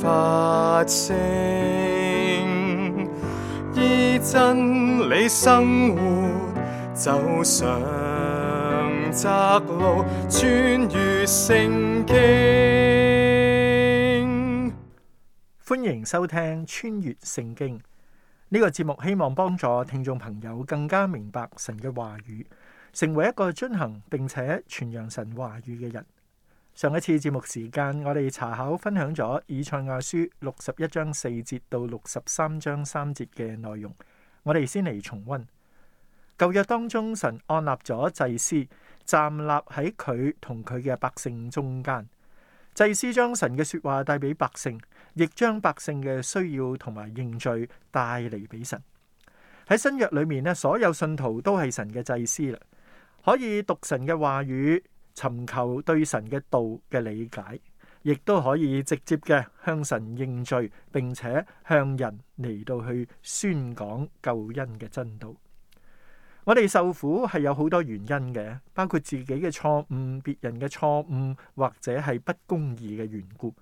發聲，以真理生活，走上窄路，穿越聖經。歡迎收聽穿越聖經，呢個節目希望幫助聽眾朋友更加明白神嘅話語，成為一個遵行並且傳揚神話語嘅人。上一次節目時間，我哋查考分享咗以賽亞書六十一章四節到六十三章三節嘅內容。我哋先嚟重温舊約當中，神安立咗祭司站立喺佢同佢嘅百姓中間，祭司將神嘅説話帶俾百姓，亦將百姓嘅需要同埋認罪帶嚟俾神。喺新約裏面呢，所有信徒都係神嘅祭司啦，可以讀神嘅話語。尋求對神嘅道嘅理解，亦都可以直接嘅向神認罪，並且向人嚟到去宣講救恩嘅真道。我哋受苦係有好多原因嘅，包括自己嘅錯誤、別人嘅錯誤或者係不公義嘅緣故。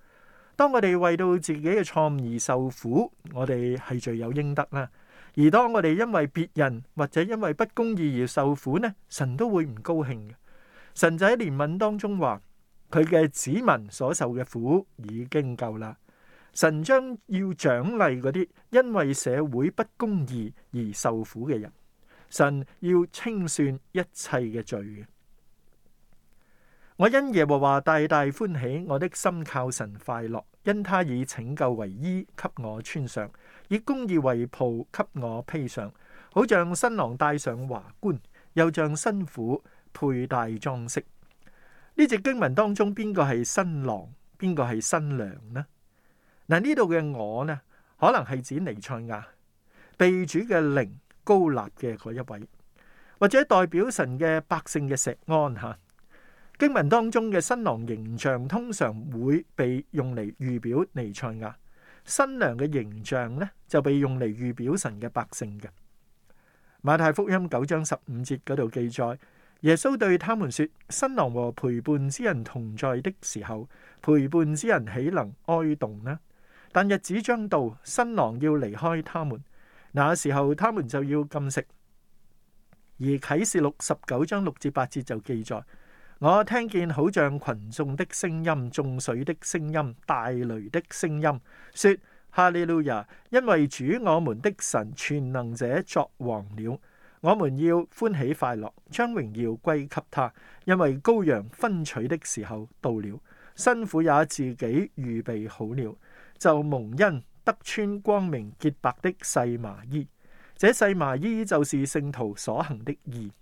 當我哋為到自己嘅錯誤而受苦，我哋係罪有應得啦。而當我哋因為別人或者因為不公義而受苦呢，神都會唔高興。神就喺憐憫當中話，佢嘅子民所受嘅苦已經夠啦。神將要獎勵嗰啲因為社會不公義而受苦嘅人，神要清算一切嘅罪。我因耶和華大大歡喜，我的心靠神快樂，因他以拯救為衣，給我穿上，以公義為袍，給我披上，好像新郎戴上華冠，又像新婦，佩戴裝飾。呢隻經文當中，邊個係新郎，邊個係新娘呢？嗱，呢度嘅我呢，可能係指彌賽亞被主嘅靈膏立嘅嗰一位，或者代表神嘅百姓嘅錫安吓、啊。經文當中嘅新郎形象通常會被用嚟預表彌賽亞，新娘嘅形象呢就被用嚟預表神嘅百姓嘅。馬太福音九章十五節嗰度記載。耶穌對他們說：新郎和陪伴之人同在的時候，陪伴之人豈能哀動呢？但日子將到，新郎要離開他們，那時候他們就要禁食。而啟示錄十九章六至八節就記載：我聽見好像群眾的聲音、眾水的聲音、大雷的聲音，說：哈利路亞！因為主我們的神全能者作王了。我們要歡喜快樂，將榮耀歸給他，因為羔羊婚娶的時候到了，新婦也自己預備好了，就蒙恩得穿光明潔白的細麻衣。這細麻衣就是聖徒所行的義。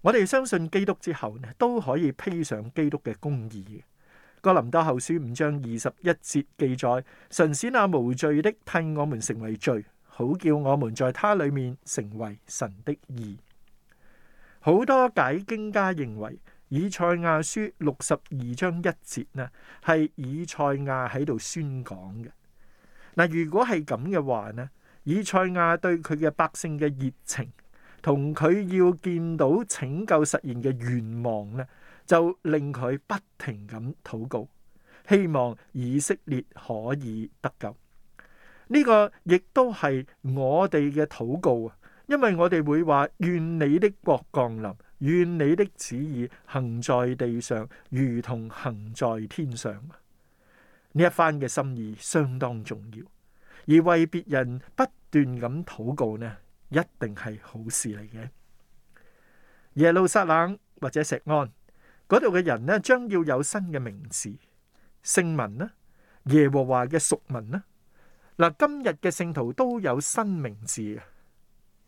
我哋相信基督之後呢，都可以披上基督嘅公義。哥林多後書五章二十一節記載：神使那無罪的替我們成為罪。好叫我們在他裏面成為神的義。好多解經家認為以賽亞書六十二章一節呢，係以賽亞喺度宣講嘅。嗱，如果係咁嘅話呢，以賽亞對佢嘅百姓嘅熱情同佢要見到拯救實現嘅願望呢，就令佢不停咁禱告，希望以色列可以得救。呢個亦都係我哋嘅禱告啊，因為我哋會話，願你的國降臨，願你的旨意行在地上，如同行在天上。呢一番嘅心意相當重要，而為別人不斷咁禱告呢，一定係好事嚟嘅。耶路撒冷或者錫安嗰度嘅人呢，將要有新嘅名字，聖民呢，耶和華嘅屬民呢。嗱，今日嘅聖徒都有新名字，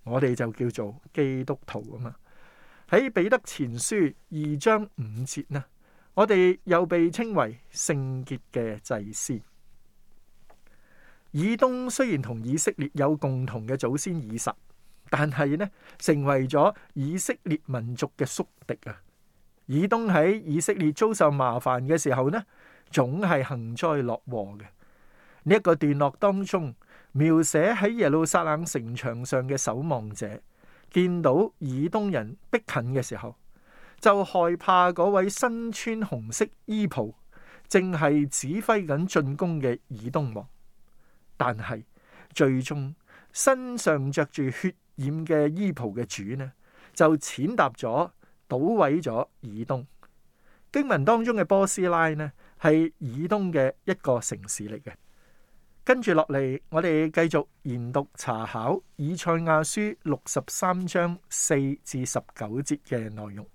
我哋就叫做基督徒啊嘛。喺彼得前書二章五節呢，我哋又被稱為聖潔嘅祭司。以東雖然同以色列有共同嘅祖先以撒，但係呢成為咗以色列民族嘅宿敵啊！以東喺以色列遭受麻煩嘅時候呢，總係幸災樂禍嘅。呢一個段落當中，描寫喺耶路撒冷城牆上嘅守望者見到以東人逼近嘅時候，就害怕嗰位身穿紅色衣袍，正係指揮緊進攻嘅以東王。但係最終身上着住血染嘅衣袍嘅主呢，就踐踏咗搗毀咗以東。經文當中嘅波斯拉呢，係以東嘅一個城市嚟嘅。跟住落嚟，我哋繼續研讀查考以賽亞書六十三章四至十九節嘅內容。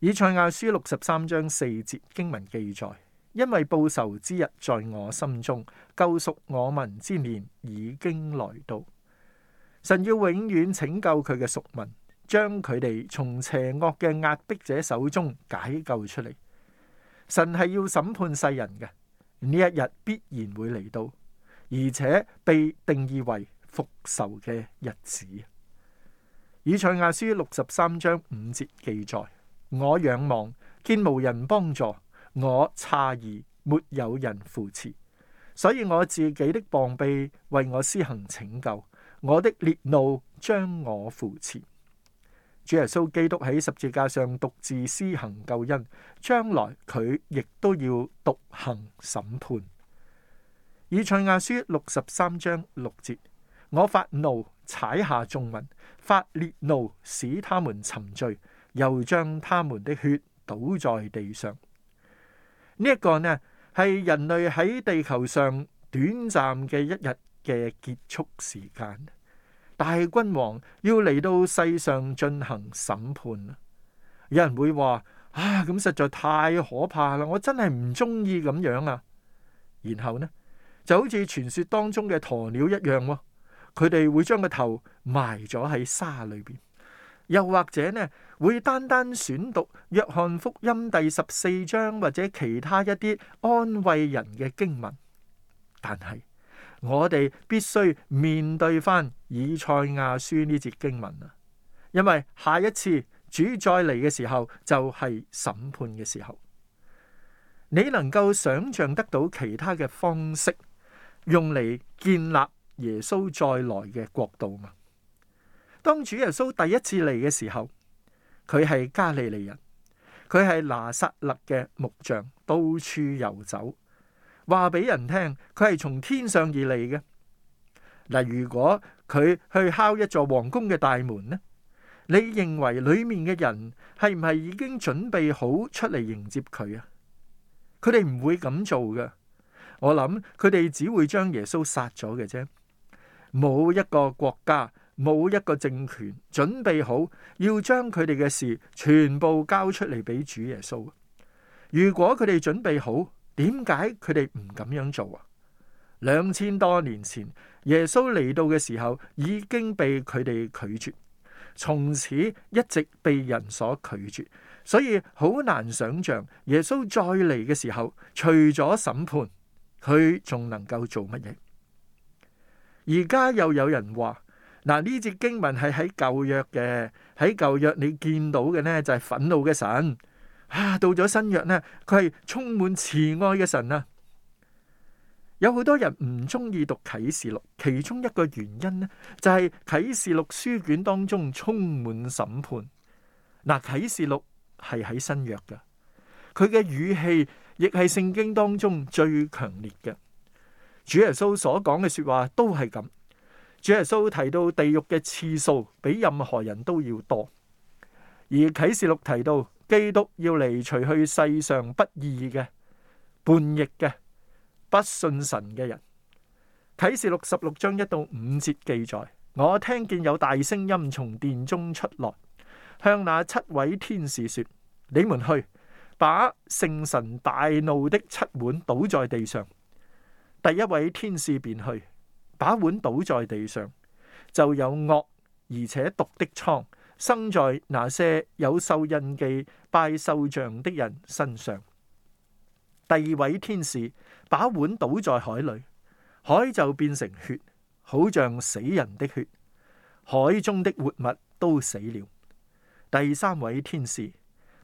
以賽亞書六十三章四節經文記載：，因為報仇之日在我心中，救贖我民之年已經來到。神要永遠拯救佢嘅屬民，將佢哋從邪惡嘅壓迫者手中解救出嚟。神係要審判世人嘅。呢一日必然會嚟到，而且被定義為復仇嘅日子。以賽亞書六十三章五節記載：，我仰望，見無人幫助，我詫異，沒有人扶持，所以我自己的膀臂為我施行拯救，我的烈怒將我扶持。主耶穌基督喺十字架上獨自施行救恩，將來佢亦都要獨行審判。以賽亞書六十三章六節：我發怒踩下眾民，發烈怒使他們沉醉，又將他們的血倒在地上。呢、這、一個呢係人類喺地球上短暫嘅一日嘅結束時間。大君王要嚟到世上進行審判啊！有人會話啊，咁實在太可怕啦，我真係唔中意咁樣啊。然後呢，就好似傳說當中嘅鴕鳥一樣，佢哋會將個頭埋咗喺沙裏邊，又或者呢，會單單選讀《約翰福音》第十四章或者其他一啲安慰人嘅經文。但係。.我哋必須面對翻以賽亞書呢節經文啦，因為下一次主再嚟嘅時候就係審判嘅時候。你能夠想象得到其他嘅方式用嚟建立耶穌再來嘅國度嘛？當主耶穌第一次嚟嘅時候，佢係加利利人，佢係拿撒勒嘅木匠，到處遊走。話俾人聽，佢係從天上而嚟嘅。嗱，如果佢去敲一座皇宮嘅大門呢，你認為裏面嘅人係唔係已經準備好出嚟迎接佢啊？佢哋唔會咁做噶，我諗佢哋只會將耶穌殺咗嘅啫。冇一個國家，冇一個政權準備好要將佢哋嘅事全部交出嚟俾主耶穌。如果佢哋準備好。點解佢哋唔咁樣做啊？兩千多年前耶穌嚟到嘅時候，已經被佢哋拒絕，從此一直被人所拒絕，所以好難想象耶穌再嚟嘅時候，除咗審判，佢仲能夠做乜嘢？而家又有人話：嗱，呢隻經文係喺舊約嘅，喺舊約你見到嘅呢，就係憤怒嘅神。啊！到咗新約咧，佢係充滿慈愛嘅神啊。有好多人唔中意讀啟示錄，其中一個原因咧就係啟示錄書卷當中充滿審判。嗱，啟示錄係喺新約噶，佢嘅語氣亦係聖經當中最強烈嘅。主耶穌所講嘅說話都係咁。主耶穌提到地獄嘅次數比任何人都要多，而啟示錄提到。基督要離除去世上不義嘅叛逆嘅不信神嘅人。啟示六十六章一到五節記載：我聽見有大聲音從殿中出來，向那七位天使說：你們去，把聖神大怒的七碗倒在地上。第一位天使便去，把碗倒在地上，就有惡而且毒的瘡。生在那些有獸印記、拜獸像的人身上。第二位天使把碗倒在海裏，海就變成血，好像死人的血。海中的活物都死了。第三位天使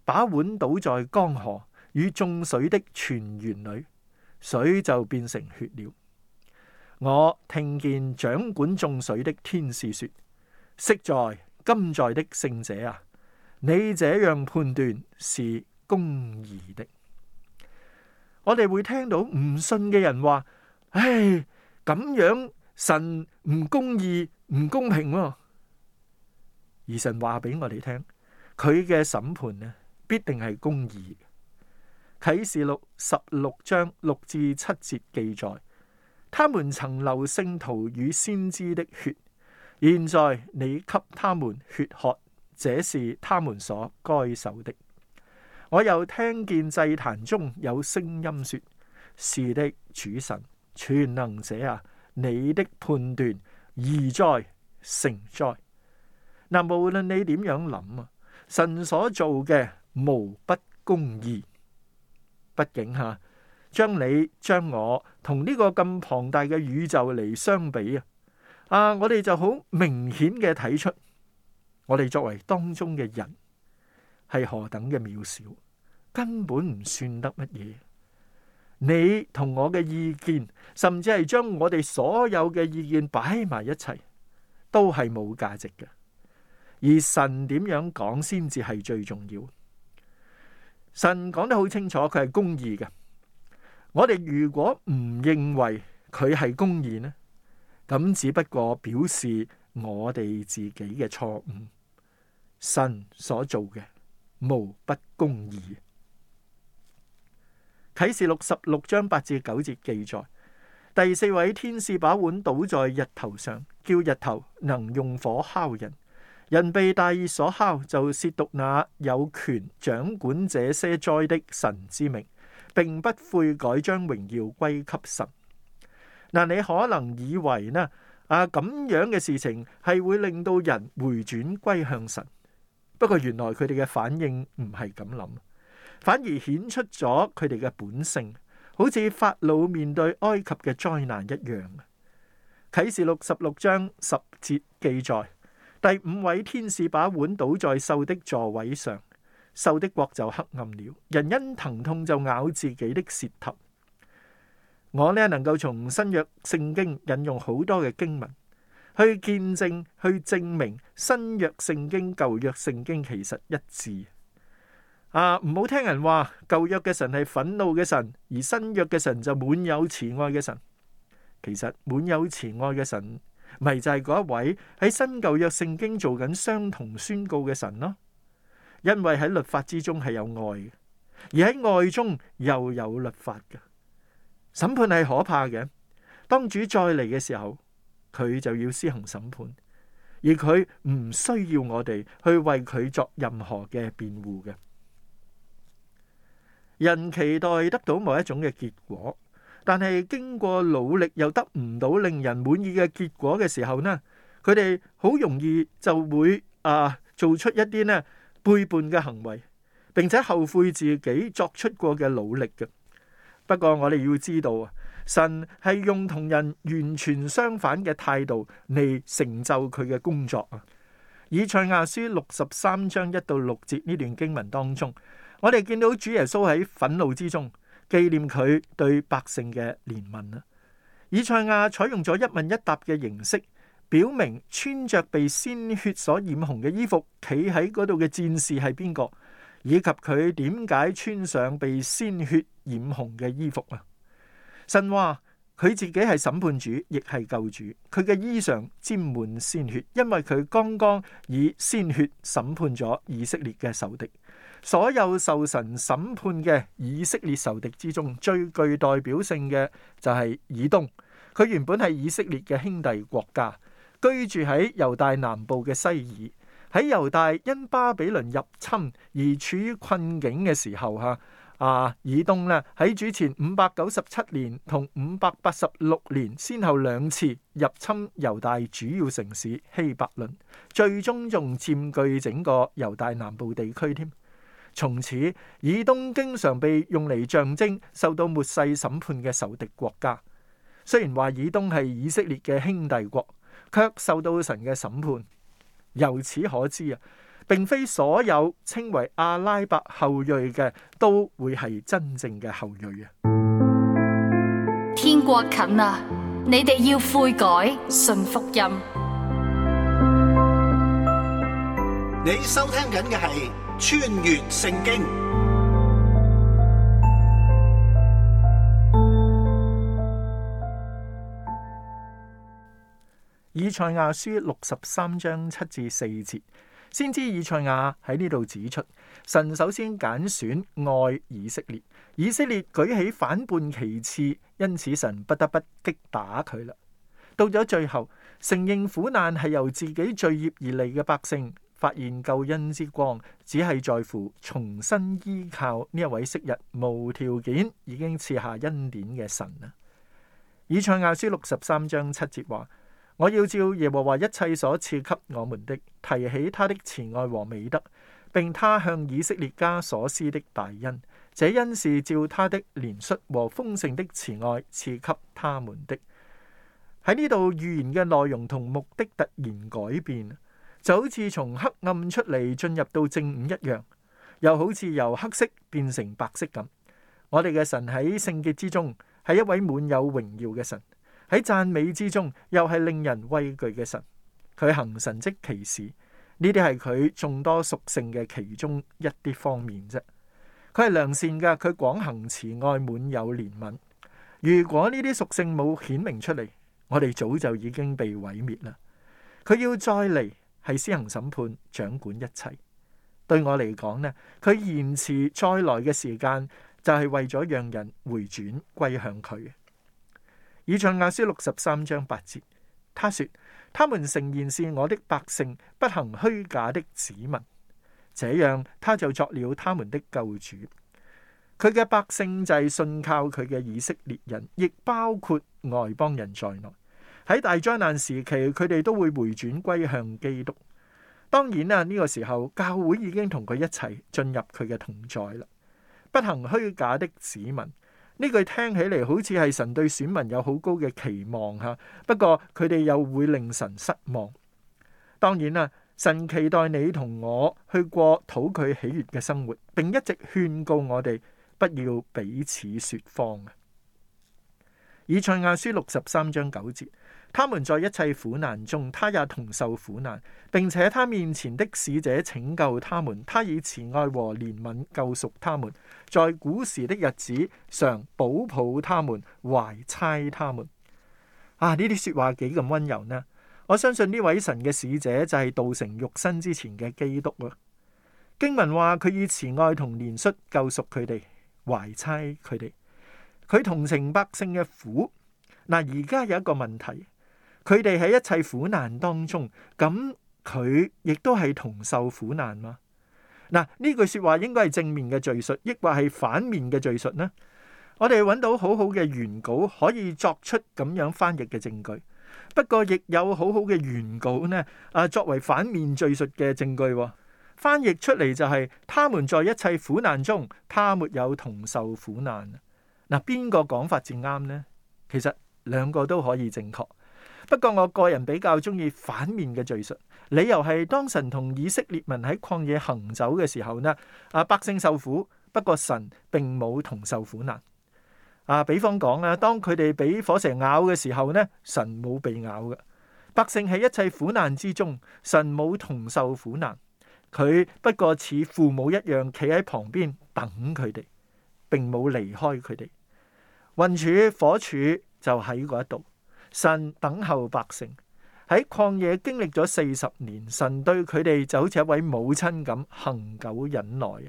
把碗倒在江河與眾水的泉源裏，水就變成血了。我聽見掌管眾水的天使說：昔在，今在的聖者啊，你這樣判斷是公義的。我哋會聽到唔信嘅人話：唉，咁樣神唔公義、唔公平喎。而神話俾我哋聽，佢嘅審判呢，必定係公義。啟示錄十六章六至七節記載，他們曾流聖徒與先知的血。現在你給他們血喝，這是他們所該受的。我又聽見祭壇中有聲音說：是的，主神全能者啊，你的判斷義哉，誠哉。嗱，無論你點樣諗啊，神所做嘅無不公義。畢竟吓，將你將我同呢個咁龐大嘅宇宙嚟相比啊！啊！我哋就好明顯嘅睇出，我哋作為當中嘅人係何等嘅渺小，根本唔算得乜嘢。你同我嘅意見，甚至係將我哋所有嘅意見擺埋一齊，都係冇價值嘅。而神點樣講先至係最重要。神講得好清楚，佢係公義嘅。我哋如果唔認為佢係公義呢？咁只不過表示我哋自己嘅錯誤，神所做嘅無不公義。啟示六十六章八至九節記載，第四位天使把碗倒在日頭上，叫日頭能用火烤人，人被大熱所烤就褻瀆那有權掌管這些災的神之名，並不悔改，將榮耀歸給神。嗱，你可能以為呢啊，咁樣嘅事情係會令到人回轉歸向神，不過原來佢哋嘅反應唔係咁諗，反而顯出咗佢哋嘅本性，好似法老面對埃及嘅災難一樣。啟示錄十六章十節記載，第五位天使把碗倒在獸的座位上，獸的國就黑暗了，人因疼痛就咬自己的舌頭。我呢，能夠從新約聖經引用好多嘅經文去見證、去證明新約聖經、舊約聖經其實一致啊！唔好聽人話舊約嘅神係憤怒嘅神，而新約嘅神就滿有慈愛嘅神。其實滿有慈愛嘅神，咪就係、是、嗰一位喺新舊約聖經做緊相同宣告嘅神咯。因為喺律法之中係有愛嘅，而喺愛中又有律法嘅。審判係可怕嘅，當主再嚟嘅時候，佢就要施行審判，而佢唔需要我哋去為佢作任何嘅辯護嘅。人期待得到某一種嘅結果，但係經過努力又得唔到令人滿意嘅結果嘅時候呢，佢哋好容易就會啊，做出一啲呢背叛嘅行為，並且後悔自己作出過嘅努力嘅。不過我哋要知道啊，神係用同人完全相反嘅態度嚟成就佢嘅工作啊。以賽亞書六十三章一到六節呢段經文當中，我哋見到主耶穌喺憤怒之中，紀念佢對百姓嘅憐憫啊。以賽亞採用咗一問一答嘅形式，表明穿着被鮮血所染紅嘅衣服，企喺嗰度嘅戰士係邊個？以及佢點解穿上被鮮血染紅嘅衣服啊？神話佢自己係審判主，亦係救主。佢嘅衣裳沾滿鮮血，因為佢剛剛以鮮血審判咗以色列嘅仇敵。所有受神審判嘅以色列仇敵之中，最具代表性嘅就係以東。佢原本係以色列嘅兄弟國家，居住喺猶大南部嘅西爾。喺猶大因巴比倫入侵而處於困境嘅時候，吓啊，以東呢喺主前五百九十七年同五百八十六年，先後兩次入侵猶大主要城市希伯倫，最終仲佔據整個猶大南部地區添。從此，以東經常被用嚟象徵受到末世審判嘅仇敵國家。雖然話以東係以色列嘅兄弟國，卻受到神嘅審判。由此可知啊，並非所有稱為阿拉伯後裔嘅都會係真正嘅後裔啊！天國近啊，你哋要悔改，信福音。音你收聽緊嘅係《穿越聖經》。以賽亞書六十三章七至四節，先知以賽亞喺呢度指出，神首先揀選愛以色列，以色列舉起反叛，其次，因此神不得不擊打佢啦。到咗最後，承認苦難係由自己罪孽而嚟嘅，百姓發現救恩之光，只係在乎重新依靠呢一位昔日無條件已經賜下恩典嘅神啦。以賽亞書六十三章七節話。我要照耶和華一切所賜給我們的，提起他的慈愛和美德，並他向以色列家所施的大恩，這恩是照他的憐恤和豐盛的慈愛賜給他們的。喺呢度預言嘅內容同目的突然改變，就好似從黑暗出嚟進入到正午一樣，又好似由黑色變成白色咁。我哋嘅神喺聖潔之中，係一位滿有榮耀嘅神。喺讚美之中，又係令人畏懼嘅神，佢行神蹟奇事，呢啲係佢眾多屬性嘅其中一啲方面啫。佢係良善嘅，佢廣行慈愛、滿有憐憫。如果呢啲屬性冇顯明出嚟，我哋早就已經被毀滅啦。佢要再嚟，係施行審判、掌管一切。對我嚟講呢，佢延遲再來嘅時間，就係為咗讓人回轉歸向佢。以賽亞書六十三章八節，他說：他們誠然是我的百姓，不行虛假的子民。這樣他就作了他們的救主。佢嘅百姓就係信靠佢嘅以色列人，亦包括外邦人在內。喺大災難時期，佢哋都會回轉歸向基督。當然啦，呢、這個時候教會已經同佢一齊進入佢嘅同在啦。不行虛假的子民。呢句聽起嚟好似係神對選民有好高嘅期望吓，不過佢哋又會令神失望。當然啦，神期待你同我去過討佢喜悅嘅生活，並一直勸告我哋不要彼此說謊。以賽亞書六十三章九節。他們在一切苦難中，他也同受苦難，並且他面前的使者拯救他們，他以慈愛和憐憫救贖他們，在古時的日子常保抱他們，懷猜他們啊！呢啲說話幾咁温柔呢？我相信呢位神嘅使者就係道成肉身之前嘅基督啊。經文話佢以慈愛同憐恤救贖佢哋，懷猜佢哋，佢同情百姓嘅苦。嗱，啊，而家有一個問題。佢哋喺一切苦難當中，咁佢亦都係同受苦難嘛？嗱，呢句說話應該係正面嘅敘述，抑或係反面嘅敘述呢？我哋揾到好好嘅原稿可以作出咁樣翻譯嘅證據，不過亦有好好嘅原稿呢，啊，作為反面敘述嘅證據，翻譯出嚟就係、是、他們在一切苦難中，他沒有同受苦難。嗱，邊個講法至啱呢？其實兩個都可以正確。不過我個人比較中意反面嘅敘述，理由係當神同以色列民喺曠野行走嘅時候呢，啊百姓受苦，不過神並冇同受苦難。啊，比方講啊，當佢哋俾火蛇咬嘅時候呢，神冇被咬嘅，百姓喺一切苦難之中，神冇同受苦難，佢不過似父母一樣企喺旁邊等佢哋，並冇離開佢哋。雲柱火柱就喺嗰一度。神等候百姓喺曠野經歷咗四十年，神對佢哋就好似一位母親咁恒久忍耐啊。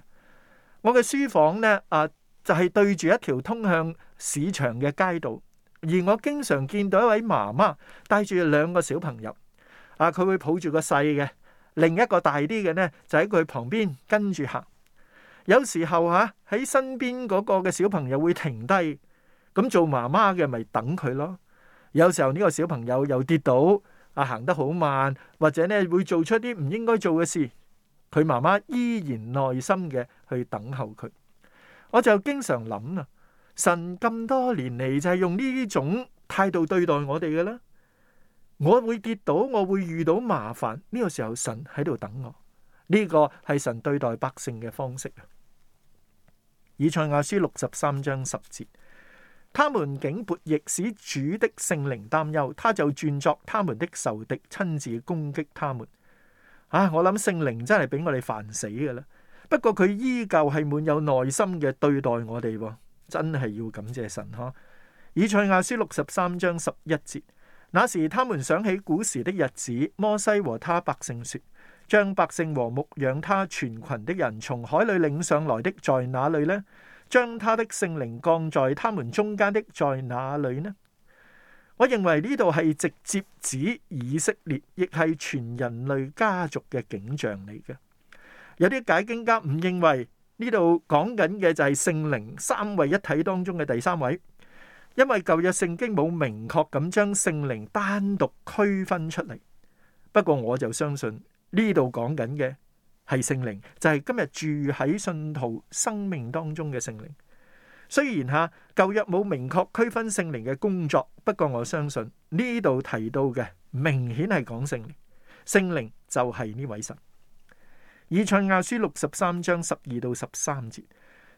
我嘅書房呢，啊，就係對住一條通向市場嘅街道，而我經常見到一位媽媽帶住兩個小朋友啊，佢會抱住個細嘅，另一個大啲嘅呢，就喺佢旁邊跟住行。有時候吓啊喺身邊嗰個嘅小朋友會停低，咁做媽媽嘅咪等佢咯。有時候呢個小朋友又跌倒，啊，行得好慢，或者咧會做出啲唔應該做嘅事，佢媽媽依然耐心嘅去等候佢。我就經常諗啊，神咁多年嚟就係用呢種態度對待我哋嘅啦。我會跌倒，我會遇到麻煩，呢個時候神喺度等我。呢個係神對待百姓嘅方式啊。以賽亞書六十三章十節。他們竟悖逆，使主的聖靈擔憂，他就轉作他們的仇敵，親自攻擊他們。啊！我諗聖靈真係俾我哋煩死㗎啦。不過佢依舊係滿有耐心嘅對待我哋喎，真係要感謝神呵。以賽亞書六十三章十一節，那時他們想起古時的日子，摩西和他百姓説：將百姓和牧養他全群的人從海裡領上來的，在哪裏呢？將他的聖靈降在他們中間的，在哪裏呢？我認為呢度係直接指以色列，亦係全人類家族嘅景象嚟嘅。有啲解經家唔認為呢度講緊嘅就係聖靈三位一體當中嘅第三位，因為舊約聖經冇明確咁將聖靈單獨區分出嚟。不過我就相信呢度講緊嘅。係聖靈，就係、是、今日住喺信徒生命當中嘅聖靈。雖然吓舊約冇明確區分聖靈嘅工作，不過我相信呢度提到嘅明顯係講聖靈。聖靈就係呢位神。以賽亞書六十三章十二到十三節。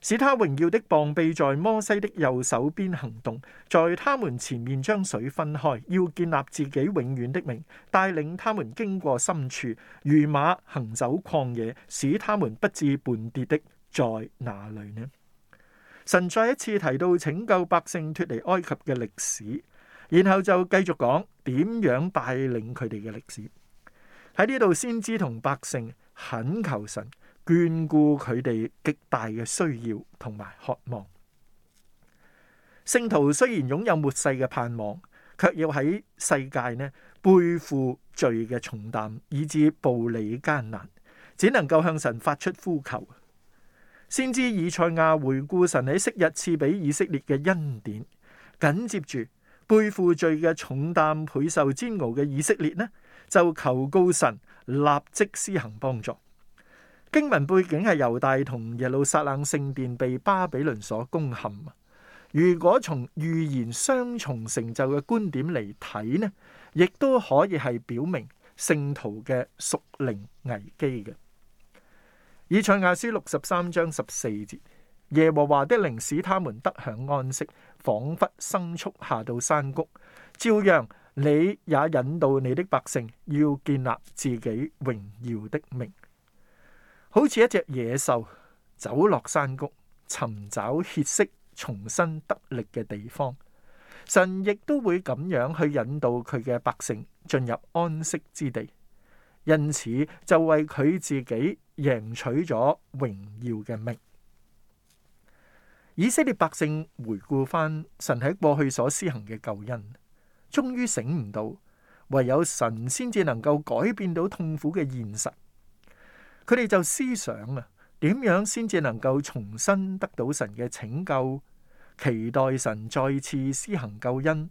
使他榮耀的膀臂在摩西的右手邊行動，在他們前面將水分開，要建立自己永遠的名，帶領他們經過深處，如馬行走曠野，使他們不致絆跌的，在哪裏呢？神再一次提到拯救百姓脱離埃及嘅歷史，然後就繼續講點樣帶領佢哋嘅歷史。喺呢度，先知同百姓懇求神。眷顧佢哋極大嘅需要同埋渴望，聖徒雖然擁有末世嘅盼望，卻要喺世界呢背負罪嘅重擔，以致步履艱難，只能夠向神發出呼求。先知以賽亞回顧神喺昔日賜俾以色列嘅恩典，緊接住背負罪嘅重擔，倍受煎熬嘅以色列呢，就求告神立即施行幫助。經文背景係猶大同耶路撒冷聖殿,殿被巴比倫所攻陷。如果從預言雙重成就嘅觀點嚟睇呢，亦都可以係表明聖徒嘅屬靈危機嘅。以賽亞書六十三章十四節：耶和華的靈使他們得享安息，仿佛牲畜下到山谷。照樣，你也引導你的百姓，要建立自己榮耀的名。好似一隻野獸走落山谷，尋找歇息、重新得力嘅地方。神亦都會咁樣去引導佢嘅百姓進入安息之地，因此就為佢自己贏取咗榮耀嘅命。以色列百姓回顧返神喺過去所施行嘅救恩，終於醒悟到，唯有神先至能夠改變到痛苦嘅現實。佢哋就思想啊，點樣先至能夠重新得到神嘅拯救，期待神再次施行救恩，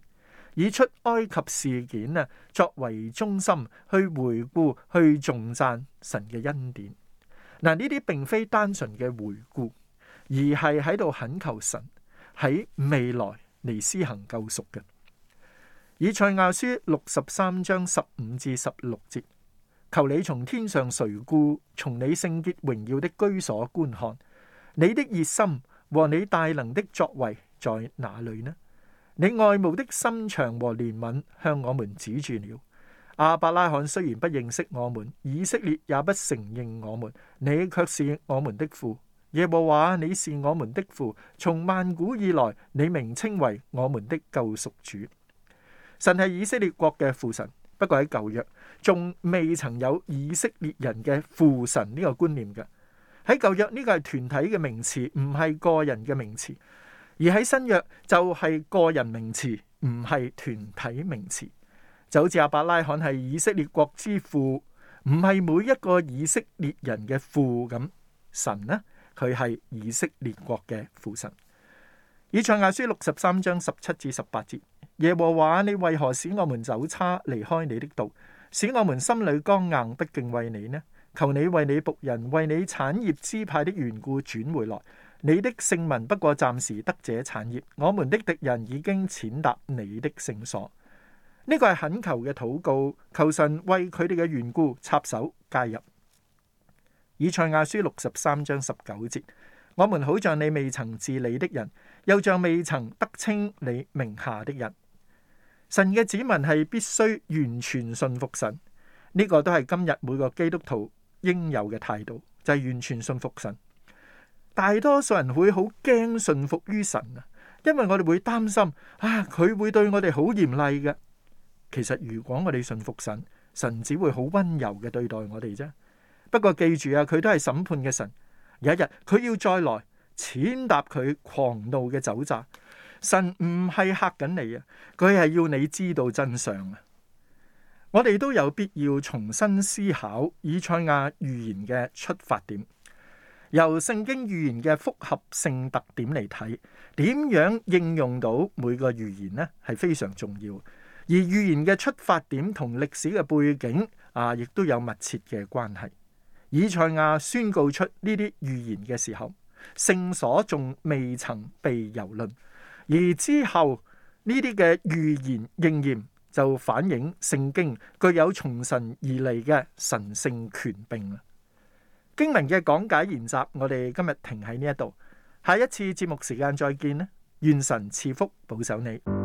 以出埃及事件啊作為中心去回顧、去頌讚神嘅恩典。嗱，呢啲並非單純嘅回顧，而係喺度懇求神喺未來嚟施行救贖嘅。以賽亞書六十三章十五至十六節。求你從天上垂顧，從你聖潔榮耀的居所觀看，你的熱心和你大能的作為在哪裡呢？你愛慕的心腸和憐憫向我們止住了。亞伯拉罕雖然不認識我們，以色列也不承認我們，你卻是我們的父。耶和華你是我們的父，從萬古以來，你名稱為我們的救贖主。神係以色列國嘅父神，不過喺舊約。仲未曾有以色列人嘅父神呢個觀念嘅喺舊約呢、呢個係團體嘅名詞，唔係個人嘅名詞；而喺新約就係、是、個人名詞，唔係團體名詞。就好似亞伯拉罕係以色列國之父，唔係每一個以色列人嘅父咁。神呢佢係以色列國嘅父神。以賽亞書六十三章十七至十八節：耶和華，你為何使我們走差，離開你的道？使我們心裏剛硬，不敬畏你呢？求你為你僕人、為你產業支派的緣故轉回來。你的聖民不過暫時得這產業，我們的敵人已經踐踏你的聖所。呢個係懇求嘅禱告，求神為佢哋嘅緣故插手介入。以賽亞書六十三章十九節：我們好像你未曾治理的人，又像未曾得稱你名下的人。神嘅子民係必須完全信服神，呢、這個都係今日每個基督徒應有嘅態度，就係、是、完全信服神。大多數人會好驚信服於神啊，因為我哋會擔心啊，佢會對我哋好嚴厲嘅。其實如果我哋信服神，神只會好溫柔嘅對待我哋啫。不過記住啊，佢都係審判嘅神，有一日佢要再來踐踏佢狂怒嘅酒醡。神唔係嚇緊你啊，佢係要你知道真相啊。我哋都有必要重新思考以賽亞預言嘅出發點，由聖經預言嘅複合性特點嚟睇，點樣應用到每個預言呢係非常重要。而預言嘅出發點同歷史嘅背景啊，亦都有密切嘅關係。以賽亞宣告出呢啲預言嘅時候，聖所仲未曾被蹂躪。而之後呢啲嘅預言應驗就反映聖經具有從神而嚟嘅神聖權柄啦。經文嘅講解研習，我哋今日停喺呢一度，下一次節目時間再見啦。願神賜福保守你。